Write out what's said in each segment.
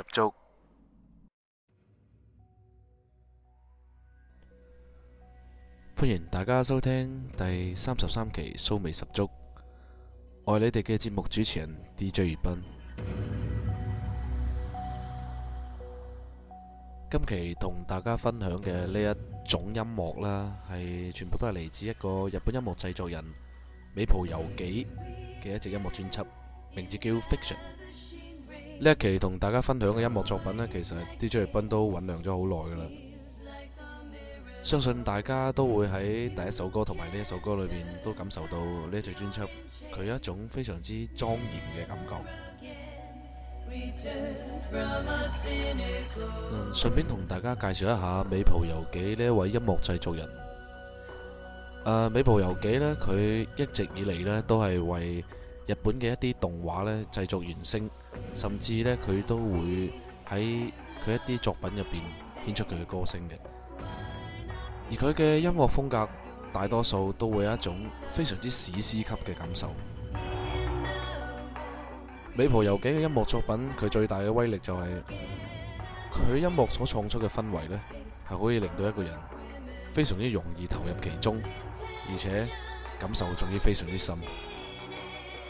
十足，歡迎大家收聽第三十三期《騷味十足》，愛你哋嘅節目主持人 DJ 月斌。今期同大家分享嘅呢一種音樂啦，係全部都係嚟自一個日本音樂製作人梶浦由紀嘅一隻音樂專輯，名字叫《Fiction》。呢一期同大家分享嘅音樂作品咧，其實 Dj 瑞斌都醞釀咗好耐噶啦。相信大家都會喺第一首歌同埋呢一首歌裏邊都感受到呢一隻專輯佢有一種非常之莊嚴嘅感覺。嗯，順便同大家介紹一下《梶浦由紀》呢一位音樂製作人。誒，《梶浦由紀》咧，佢一直以嚟咧都係為。日本嘅一啲動畫呢，製作原聲，甚至呢，佢都會喺佢一啲作品入邊顯出佢嘅歌聲嘅。而佢嘅音樂風格，大多數都會有一種非常之史詩級嘅感受。梶浦由紀嘅音樂作品，佢最大嘅威力就係、是、佢音樂所創出嘅氛圍呢，係可以令到一個人非常之容易投入其中，而且感受仲要非常之深。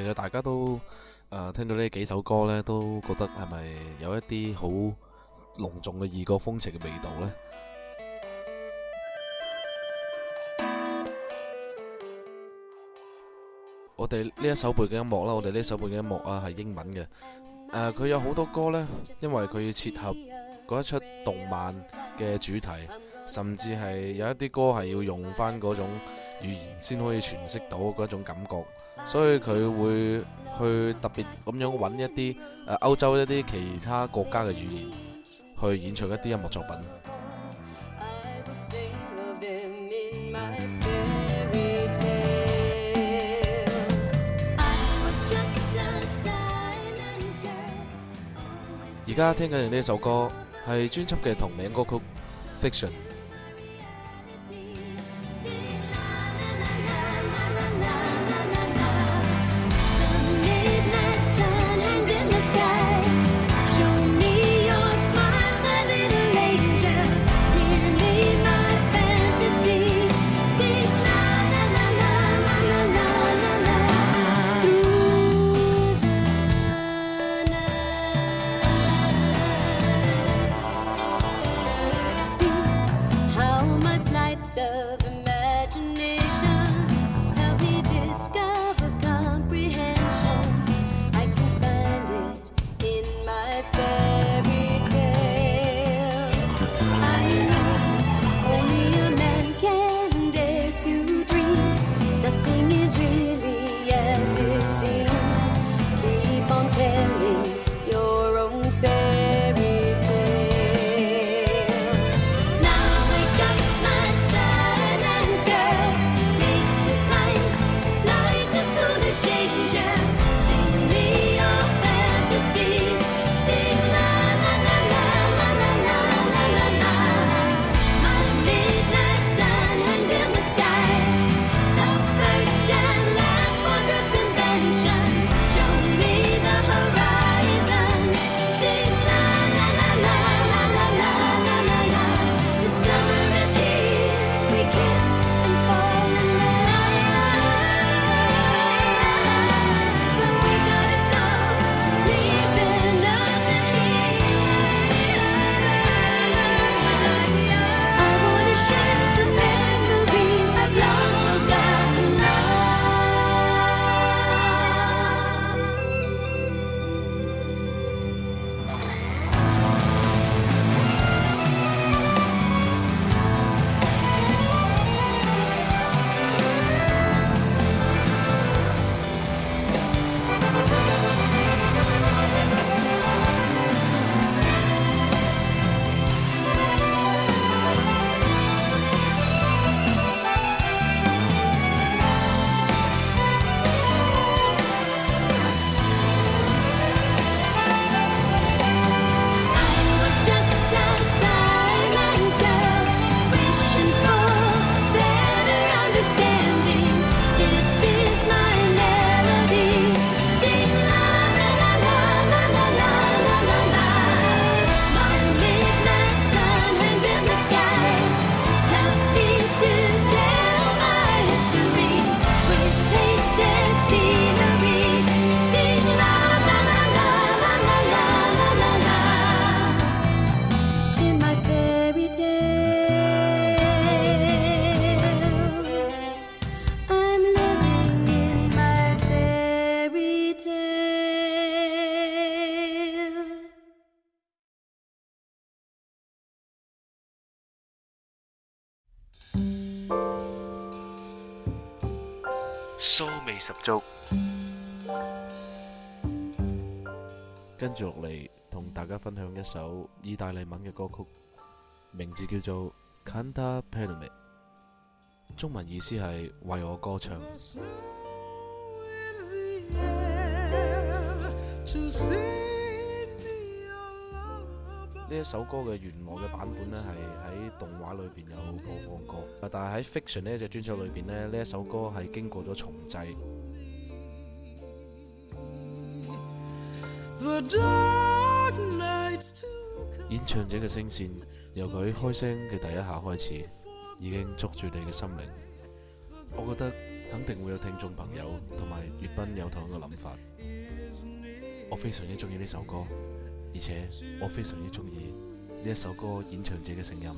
其實大家都誒、呃、聽到呢幾首歌呢都覺得係咪有一啲好隆重嘅異國風情嘅味道呢？我哋呢一首背景音樂啦，我哋呢首背景音樂啊係英文嘅，誒、呃、佢有好多歌呢，因為佢要切合嗰一出動漫嘅主題，甚至係有一啲歌係要用翻嗰種語言先可以詮釋到嗰一種感覺，所以佢會去特別咁樣揾一啲誒歐洲一啲其他國家嘅語言去演唱一啲音樂作品。而家聽緊嘅呢一首歌係專輯嘅同名歌曲《Fiction》。酥味十足，跟住落嚟同大家分享一首意大利文嘅歌曲，名字叫做《Canta per me》，中文意思係為我歌唱。.呢一首歌嘅原樂嘅版本咧，係喺動畫裏邊有播放過。但係喺《Fiction》呢一隻專輯裏邊咧，呢一首歌係經過咗重製 演唱者嘅聲線由佢開聲嘅第一下開始，已經捉住你嘅心靈。我覺得肯定會有聽眾朋友同埋粵賓有同一個諗法。我非常之中意呢首歌。而且我非常之中意呢一首歌演唱者嘅聲音，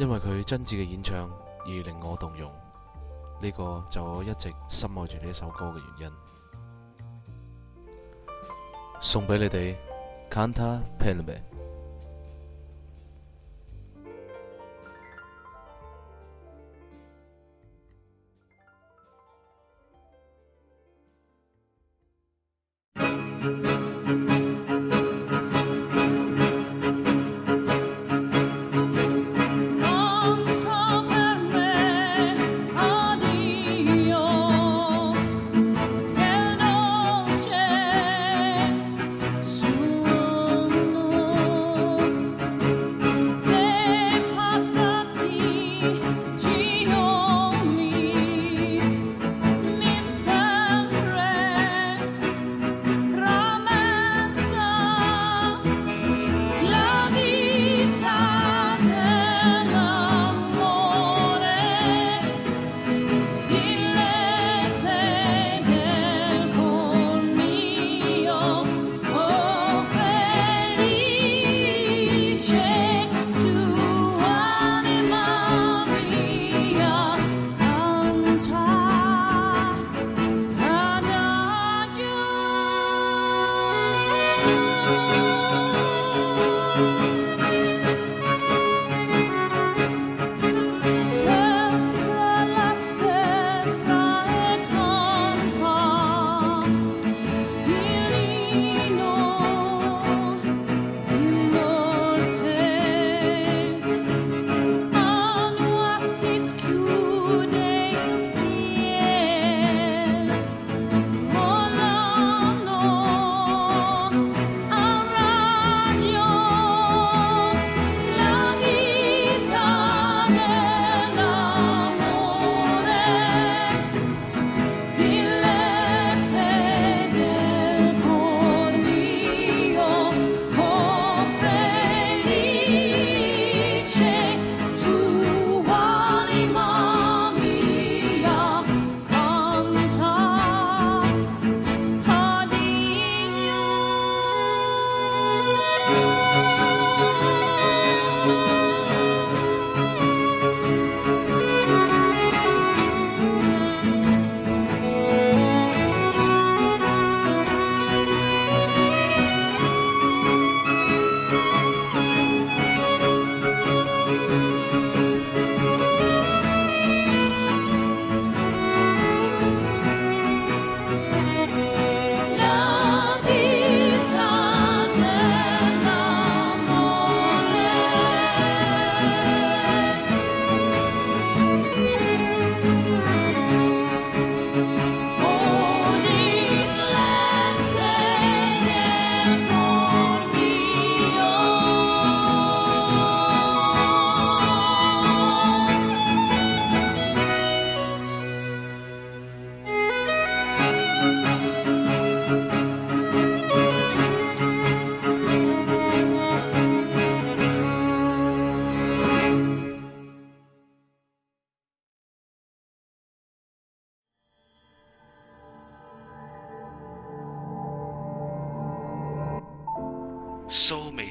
因為佢真摯嘅演唱而令我動容。呢個就我一直深愛住呢一首歌嘅原因。送俾你哋，Canta per me。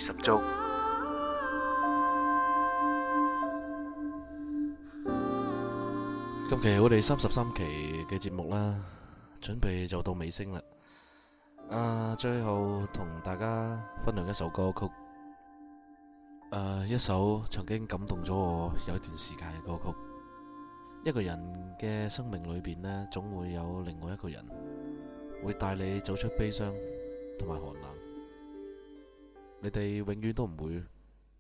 十周，今期我哋三十三期嘅節目啦，準備就到尾聲啦。啊，最後同大家分享一首歌曲，誒，一首曾經感動咗我有一段時間嘅歌曲。一個人嘅生命裏邊呢，總會有另外一個人，會帶你走出悲傷同埋寒冷。你哋永遠都唔會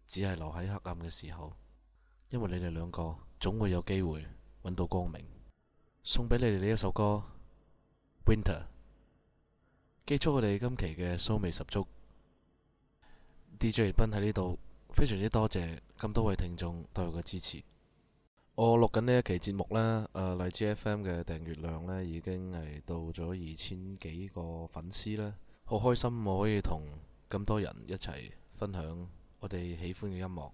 只係留喺黑暗嘅時候，因為你哋兩個總會有機會搵到光明。送俾你哋呢一首歌《Winter》，結束我哋今期嘅騷味十足。DJ 斌喺呢度非常之多謝咁多位聽眾對我嘅支持。我錄緊呢一期節目呢，誒，荔枝 FM 嘅訂閱量呢已經係到咗二千幾個粉絲啦，好開心我可以同。咁多人一齊分享我哋喜歡嘅音樂，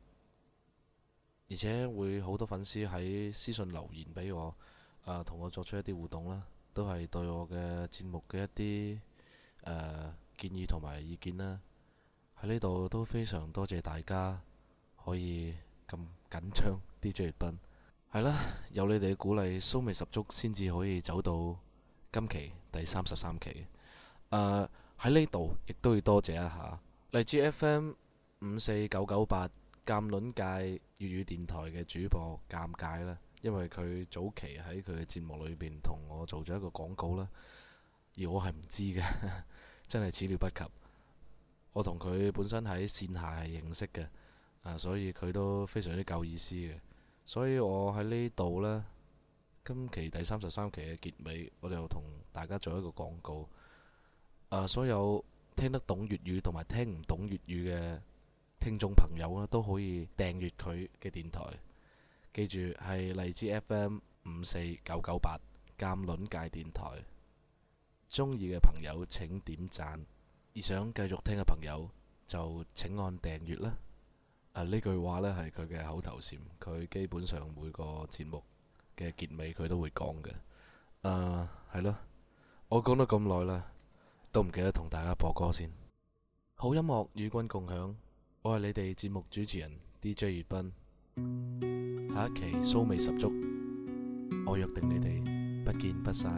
而且會好多粉絲喺私信留言俾我，誒、呃，同我作出一啲互動啦，都係對我嘅節目嘅一啲、呃、建議同埋意見啦。喺呢度都非常多謝大家可以咁緊張，DJ 月斌係啦，有你哋嘅鼓勵，酥味十足先至可以走到今期第三十三期，呃喺呢度亦都要多謝一下嚟自 FM 五四九九八鑑論界粵語電台嘅主播尷尬啦，因為佢早期喺佢嘅節目裏邊同我做咗一個廣告啦，而我係唔知嘅，真係始料不及。我同佢本身喺線下係認識嘅，啊，所以佢都非常之夠意思嘅，所以我喺呢度咧，今期第三十三期嘅結尾，我哋又同大家做一個廣告。誒，所有聽得懂粵語同埋聽唔懂粵語嘅聽眾朋友啦，都可以訂閱佢嘅電台。記住係荔枝 FM 五四九九八鑑論界電台。中意嘅朋友請點讚，而想繼續聽嘅朋友就請按訂閱啦。誒、啊，呢句話呢係佢嘅口頭禪，佢基本上每個節目嘅結尾佢都會講嘅。誒、啊，係啦，我講得咁耐啦，都唔記得同大家播歌先，好音樂與君共享，我係你哋節目主持人 DJ 月斌，下一期酥味十足，我約定你哋不見不散。